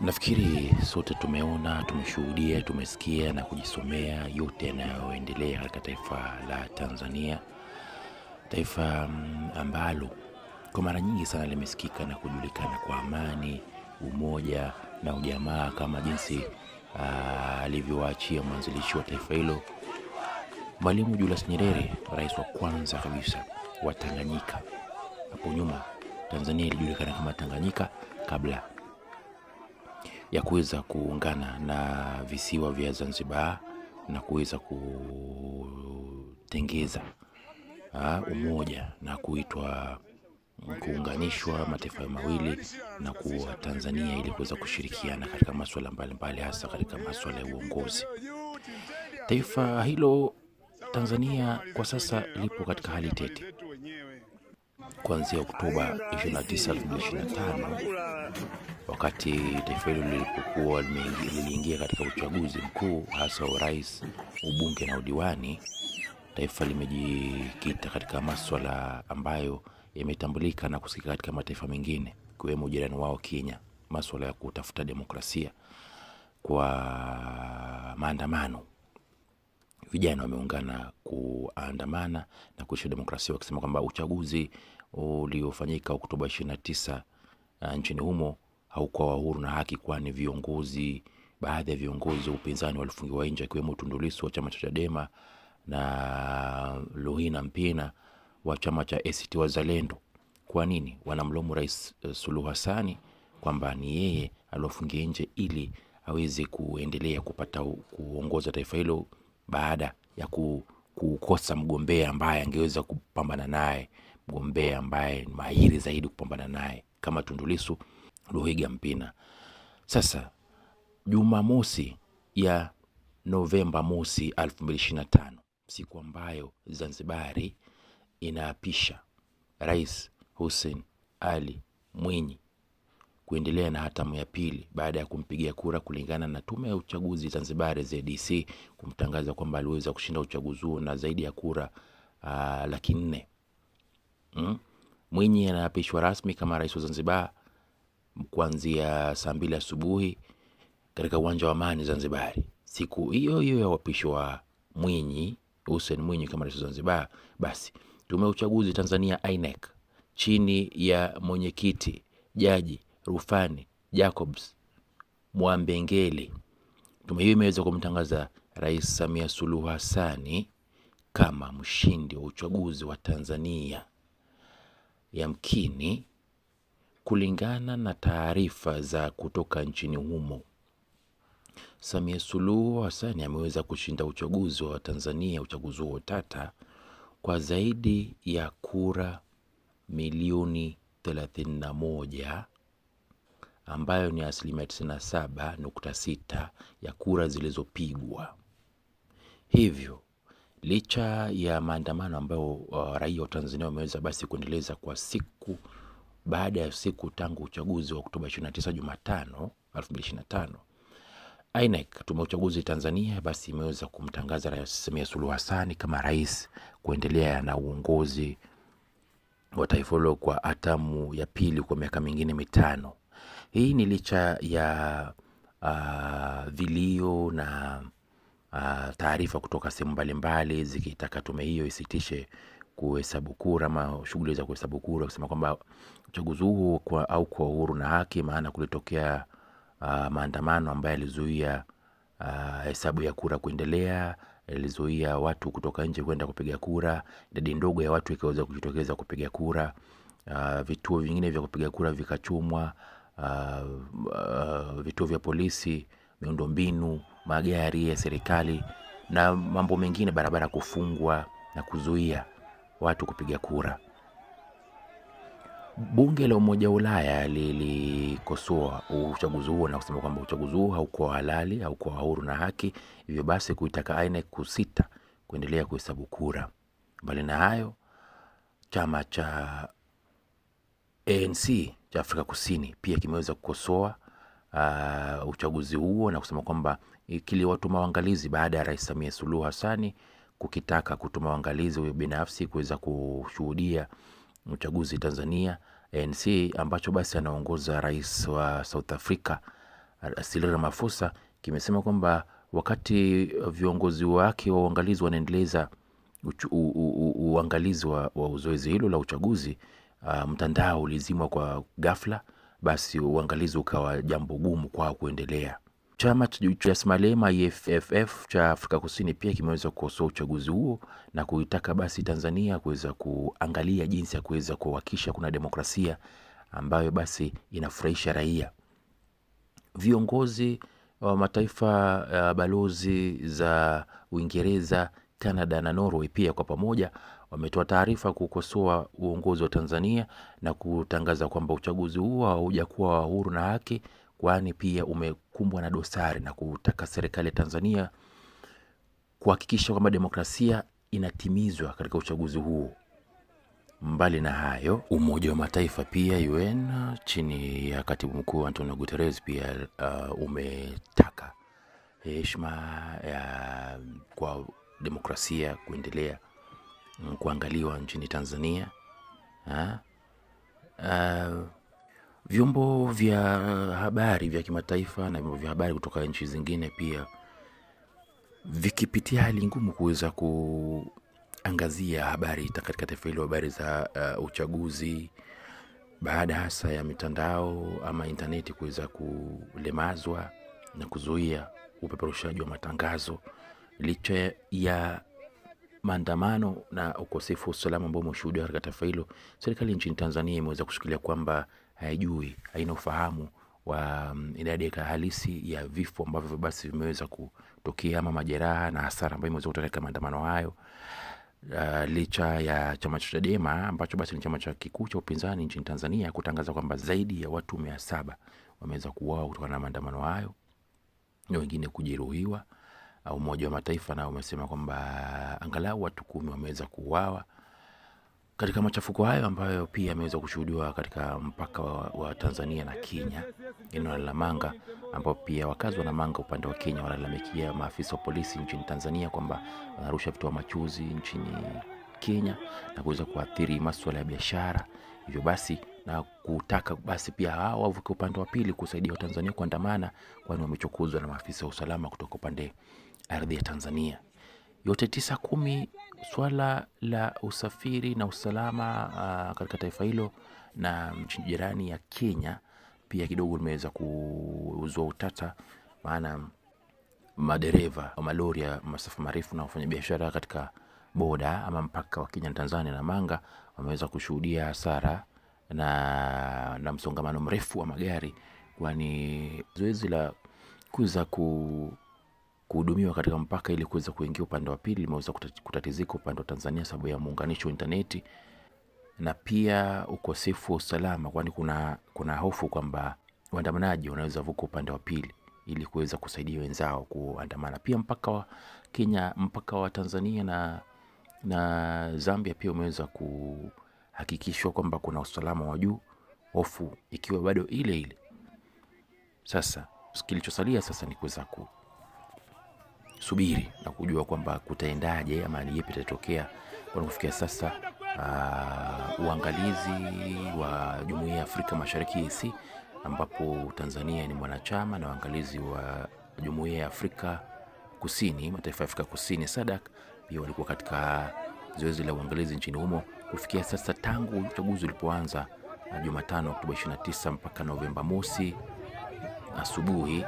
Nafikiri sote tumeona, tumeshuhudia, tumesikia na kujisomea yote yanayoendelea katika taifa la Tanzania, taifa mm, ambalo kwa mara nyingi sana limesikika na kujulikana kwa amani, umoja na ujamaa kama jinsi ah, alivyowaachia mwanzilishi wa taifa hilo Mwalimu Julius Nyerere, rais wa kwanza kabisa wa Tanganyika. Hapo nyuma Tanzania ilijulikana kama Tanganyika kabla ya kuweza kuungana na visiwa vya Zanzibar na kuweza kutengeza ah, umoja na kuitwa mm, kuunganishwa mataifa mawili na kuwa Tanzania ili kuweza kushirikiana katika masuala mbalimbali, hasa katika masuala ya uongozi. Taifa hilo Tanzania kwa sasa lipo katika hali tete, kuanzia Oktoba 29, 2025 wakati taifa hilo lilipokuwa liliingia katika uchaguzi mkuu hasa wa urais, ubunge na udiwani. Taifa limejikita katika maswala ambayo yametambulika na kusikika katika mataifa mengine, ikiwemo jirani wao Kenya, maswala ya kutafuta demokrasia kwa maandamano. Vijana wameungana kuandamana na kuisha demokrasia, wakisema kwamba uchaguzi uliofanyika Oktoba 29 uh, nchini humo haukuwa wa huru na haki, kwani viongozi baadhi ya viongozi wa upinzani walifungiwa nje akiwemo Tundu Lissu wa chama cha Chadema na Luhina Mpina wa chama cha ACT Wazalendo. Kwa nini wanamlomo Rais uh, Suluhu Hasani kwamba ni yeye aliofungia nje ili aweze kuendelea kupata kuongoza taifa hilo baada ya kukosa mgombea ambaye angeweza kupambana naye? mgombea ambaye ni mahiri zaidi kupambana naye kama Tundulisu Luhiga Mpina. Sasa Jumamosi ya Novemba mosi 225 siku ambayo Zanzibari inaapisha Rais Hussein Ali Mwinyi kuendelea na hatamu ya pili baada ya kumpigia kura kulingana na tume ya uchaguzi Zanzibari ZDC kumtangaza kwamba aliweza kushinda uchaguzi huo na zaidi ya kura uh, laki nne mm? Mwinyi anaapishwa rasmi kama rais wa Zanzibar kuanzia saa mbili asubuhi katika uwanja wa Amani Zanzibari. Siku hiyo hiyo ya uapisho wa Mwinyi Hussein Mwinyi kama rais wa Zanzibar, basi tume ya uchaguzi Tanzania INEC chini ya mwenyekiti Jaji Rufani Jacobs Mwambengeli, tume hiyo imeweza kumtangaza Rais Samia Suluhu hasani kama mshindi wa uchaguzi wa Tanzania yamkini, kulingana na taarifa za kutoka nchini humo. Samia Suluhu Hassan ameweza kushinda uchaguzi wa Tanzania, uchaguzi huo tata, kwa zaidi ya kura milioni 31 ambayo ni asilimia 97.6 ya kura zilizopigwa hivyo Licha ya maandamano ambayo uh, raia wa Tanzania wameweza basi kuendeleza kwa siku baada ya siku tangu uchaguzi wa Oktoba 29 Jumatano 2025, INEC tume uchaguzi Tanzania basi imeweza kumtangaza Rais Samia Suluhu Hassan kama rais kuendelea na uongozi wa taifa hilo kwa atamu ya pili kwa miaka mingine mitano. Hii ni licha ya uh, vilio na uh, taarifa kutoka sehemu mbalimbali zikitaka tume hiyo isitishe kuhesabu kura ama shughuli za kuhesabu kura, kusema kwamba uchaguzi huu kwa, au kwa uhuru na haki, maana kulitokea uh, maandamano ambayo yalizuia ah, hesabu uh, ya kura kuendelea, ilizuia watu kutoka nje kwenda kupiga kura, idadi ndogo ya watu ikaweza kujitokeza kupiga kura. Uh, vituo vingine vya kupiga kura vikachumwa. Uh, uh, vituo vya polisi, miundo mbinu magari ya serikali na mambo mengine, barabara kufungwa na kuzuia watu kupiga kura. Bunge la Umoja wa Ulaya lilikosoa uchaguzi huo na kusema kwamba uchaguzi huo haukuwa halali, haukuwa huru na haki, hivyo basi kuitaka INEC kusita kuendelea kuhesabu kura. Mbali na hayo, chama cha ANC cha Afrika Kusini pia kimeweza kukosoa uh, uchaguzi huo na kusema kwamba kiliwatuma waangalizi baada ya Rais Samia Suluhu hasani kukitaka kutuma uangalizi huyo binafsi kuweza kushuhudia uchaguzi Tanzania ANC, ambacho basi anaongoza rais wa South Africa silira mafusa kimesema kwamba wakati viongozi wake wa uangalizi wanaendeleza uangalizi wa, wa zoezi hilo la uchaguzi, uh, mtandao ulizimwa kwa gafla basi uangalizi ukawa jambo gumu kwao kuendelea. Chama cha Smalema EFF cha Afrika Kusini pia kimeweza kukosoa uchaguzi huo na kuitaka basi Tanzania kuweza kuangalia jinsi ya kuweza kuwakisha kuna demokrasia ambayo basi inafurahisha raia. Viongozi wa mataifa ya eh, balozi za Uingereza, canada na Norway pia kwa pamoja wametoa taarifa kukosoa uongozi wa Tanzania na kutangaza kwamba uchaguzi huo haujakuwa wa huru na haki, kwani pia umekumbwa na dosari, na kutaka serikali ya Tanzania kuhakikisha kwamba demokrasia inatimizwa katika uchaguzi huo. Mbali na hayo, Umoja wa Mataifa pia UN chini ya katibu mkuu Antonio Guterres pia uh, umetaka heshima ya kwa demokrasia kuendelea Mm, kuangaliwa nchini Tanzania. Ha? Uh, vyombo vya habari vya kimataifa na vyombo vya habari kutoka nchi zingine pia vikipitia hali ngumu kuweza kuangazia habari katika taifa hilo, habari za uh, uchaguzi baada hasa ya mitandao ama intaneti kuweza kulemazwa na kuzuia upeperushaji wa matangazo licha ya maandamano na ukosefu wa usalama ambao umeshuhudiwa katika taifa hilo, serikali nchini Tanzania imeweza kushikilia kwamba haijui, haina ufahamu wa mm, idadi ya halisi ya vifo ambavyo basi vimeweza kutokea ama majeraha na hasara ambayo imeweza kutokea katika maandamano hayo. Uh, licha ya chama cha Chadema ambacho basi ni chama cha kikuu cha upinzani nchini Tanzania kutangaza kwamba zaidi ya watu mia saba wameweza kuuawa kutokana na maandamano hayo na wengine kujeruhiwa. Umoja wa Mataifa nao umesema kwamba angalau watu kumi wameweza kuuawa katika machafuko hayo ambayo pia yameweza kushuhudiwa katika mpaka wa, wa Tanzania na Kenya, eneo la Namanga, ambao pia wakazi wa Namanga upande wa Kenya wanalalamikia maafisa wa polisi nchini Tanzania kwamba wanarusha vitoa machuzi nchini Kenya na kuweza kuathiri masuala ya biashara, hivyo basi na kutaka basi pia hawa wavuke upande wa pili kusaidia Watanzania kuandamana, kwani wamechukuzwa na maafisa wa usalama kutoka upande ardhi ya Tanzania yote tisa kumi. Swala la usafiri na usalama uh, katika taifa hilo na nchi jirani ya Kenya pia kidogo limeweza kuzua utata, maana madereva wa malori ya masafa marefu na wafanyabiashara katika boda ama mpaka wa Kenya na Tanzania na manga wameweza kushuhudia hasara na, na msongamano mrefu wa magari, kwani zoezi la kuweza ku kuhudumiwa katika mpaka ili kuweza kuingia upande wa pili limeweza kutatizika upande wa Tanzania sababu ya muunganisho wa intaneti na pia ukosefu wa usalama, kwani kuna, kuna hofu kwamba waandamanaji wanaweza vuka upande wa pili ili kuweza kusaidia wenzao kuandamana. Pia mpaka wa Kenya, mpaka wa Tanzania na, na Zambia pia umeweza kuhakikishwa kwamba kuna usalama wa juu, hofu ikiwa bado ile ile. Sasa kilichosalia sasa ni kuweza ku subiri na kujua kwamba kutaendaje ama ni itatokea kwa kufikia sasa. Uh, uangalizi wa Jumuiya ya Afrika Mashariki si ambapo Tanzania ni mwanachama na uangalizi wa Jumuiya ya Afrika Kusini, mataifa ya Afrika Kusini SADC pia walikuwa katika zoezi la uangalizi nchini humo kufikia sasa tangu uchaguzi ulipoanza uh, Jumatano Oktoba 29 mpaka Novemba mosi asubuhi.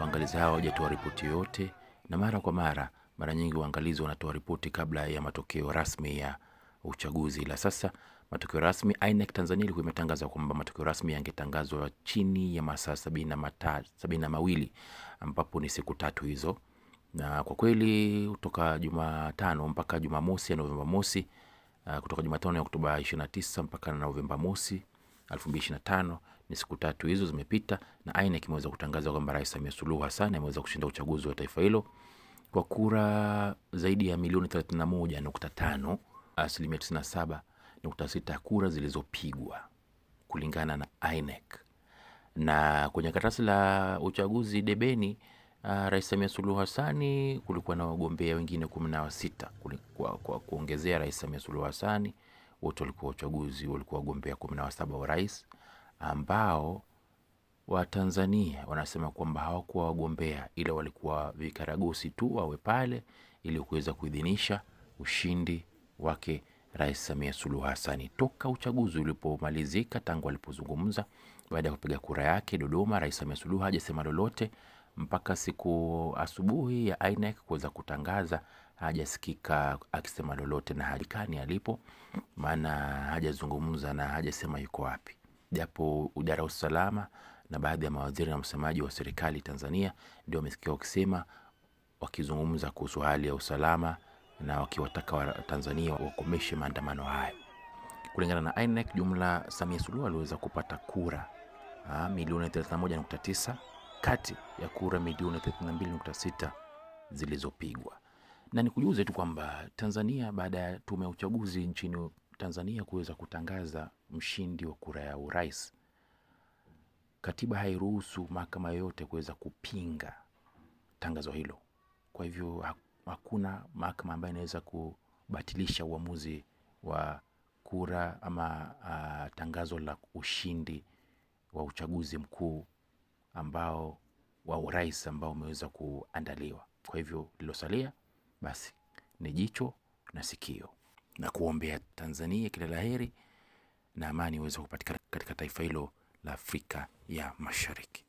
Waangalizi hao hawajatoa ripoti yoyote na mara kwa mara, mara nyingi waangalizi wanatoa ripoti kabla ya matokeo rasmi ya uchaguzi. La sasa matokeo rasmi, INEC Tanzania ilikuwa imetangaza kwamba matokeo rasmi yangetangazwa chini ya masaa sabini na mawili ambapo ni siku tatu hizo, na kwa kweli kutoka Jumatano mpaka Jumamosi ya Novemba mosi, ah, kutoka Jumatano ya Oktoba tisa mpaka na Novemba mosi tano ni siku tatu hizo zimepita na INEC imeweza kutangaza kwamba Rais Samia Suluhu Hassan ameweza kushinda uchaguzi wa taifa hilo kwa kura zaidi ya milioni 31.5, asilimia 97.6 kura zilizopigwa kulingana na INEC. Na kwenye karatasi la uchaguzi debeni Uh, Rais Samia Suluhu Hassan kulikuwa na wagombea wengine 16 na kwa, kwa kuongezea Rais Samia Suluhu Hassan wote walikuwa uchaguzi walikuwa wagombea 17 na saba wa rais ambao Watanzania wanasema kwamba hawakuwa wagombea ila walikuwa vikaragosi tu wawe pale ili kuweza kuidhinisha ushindi wake Rais Samia Suluhu Hassan. Toka uchaguzi ulipomalizika, tangu alipozungumza baada ya kupiga kura yake Dodoma, Rais Samia Suluhu hajasema lolote mpaka siku asubuhi ya INEC kuweza kutangaza, hajasikika akisema lolote, na halikani alipo, maana hajazungumza na hajasema yuko wapi japo idara ya usalama na baadhi ya mawaziri na msemaji wa serikali Tanzania ndio wamesikia wakisema, wakizungumza kuhusu hali ya usalama na wakiwataka Watanzania wakomeshe maandamano hayo. Kulingana na INEC, jumla Samia Suluhu aliweza kupata kura ah, milioni 31.9 kati ya kura milioni 32.6 zilizopigwa. Na nikujuze tu kwamba Tanzania baada ya tume ya uchaguzi nchini Tanzania kuweza kutangaza mshindi wa kura ya urais. Katiba hairuhusu mahakama yoyote kuweza kupinga tangazo hilo. Kwa hivyo hakuna mahakama ambayo inaweza kubatilisha uamuzi wa kura ama uh, tangazo la ushindi wa uchaguzi mkuu ambao wa urais ambao umeweza kuandaliwa. Kwa hivyo lilosalia basi ni jicho na sikio na kuombea Tanzania kila laheri na amani iweze kupatikana katika taifa hilo la Afrika ya Mashariki.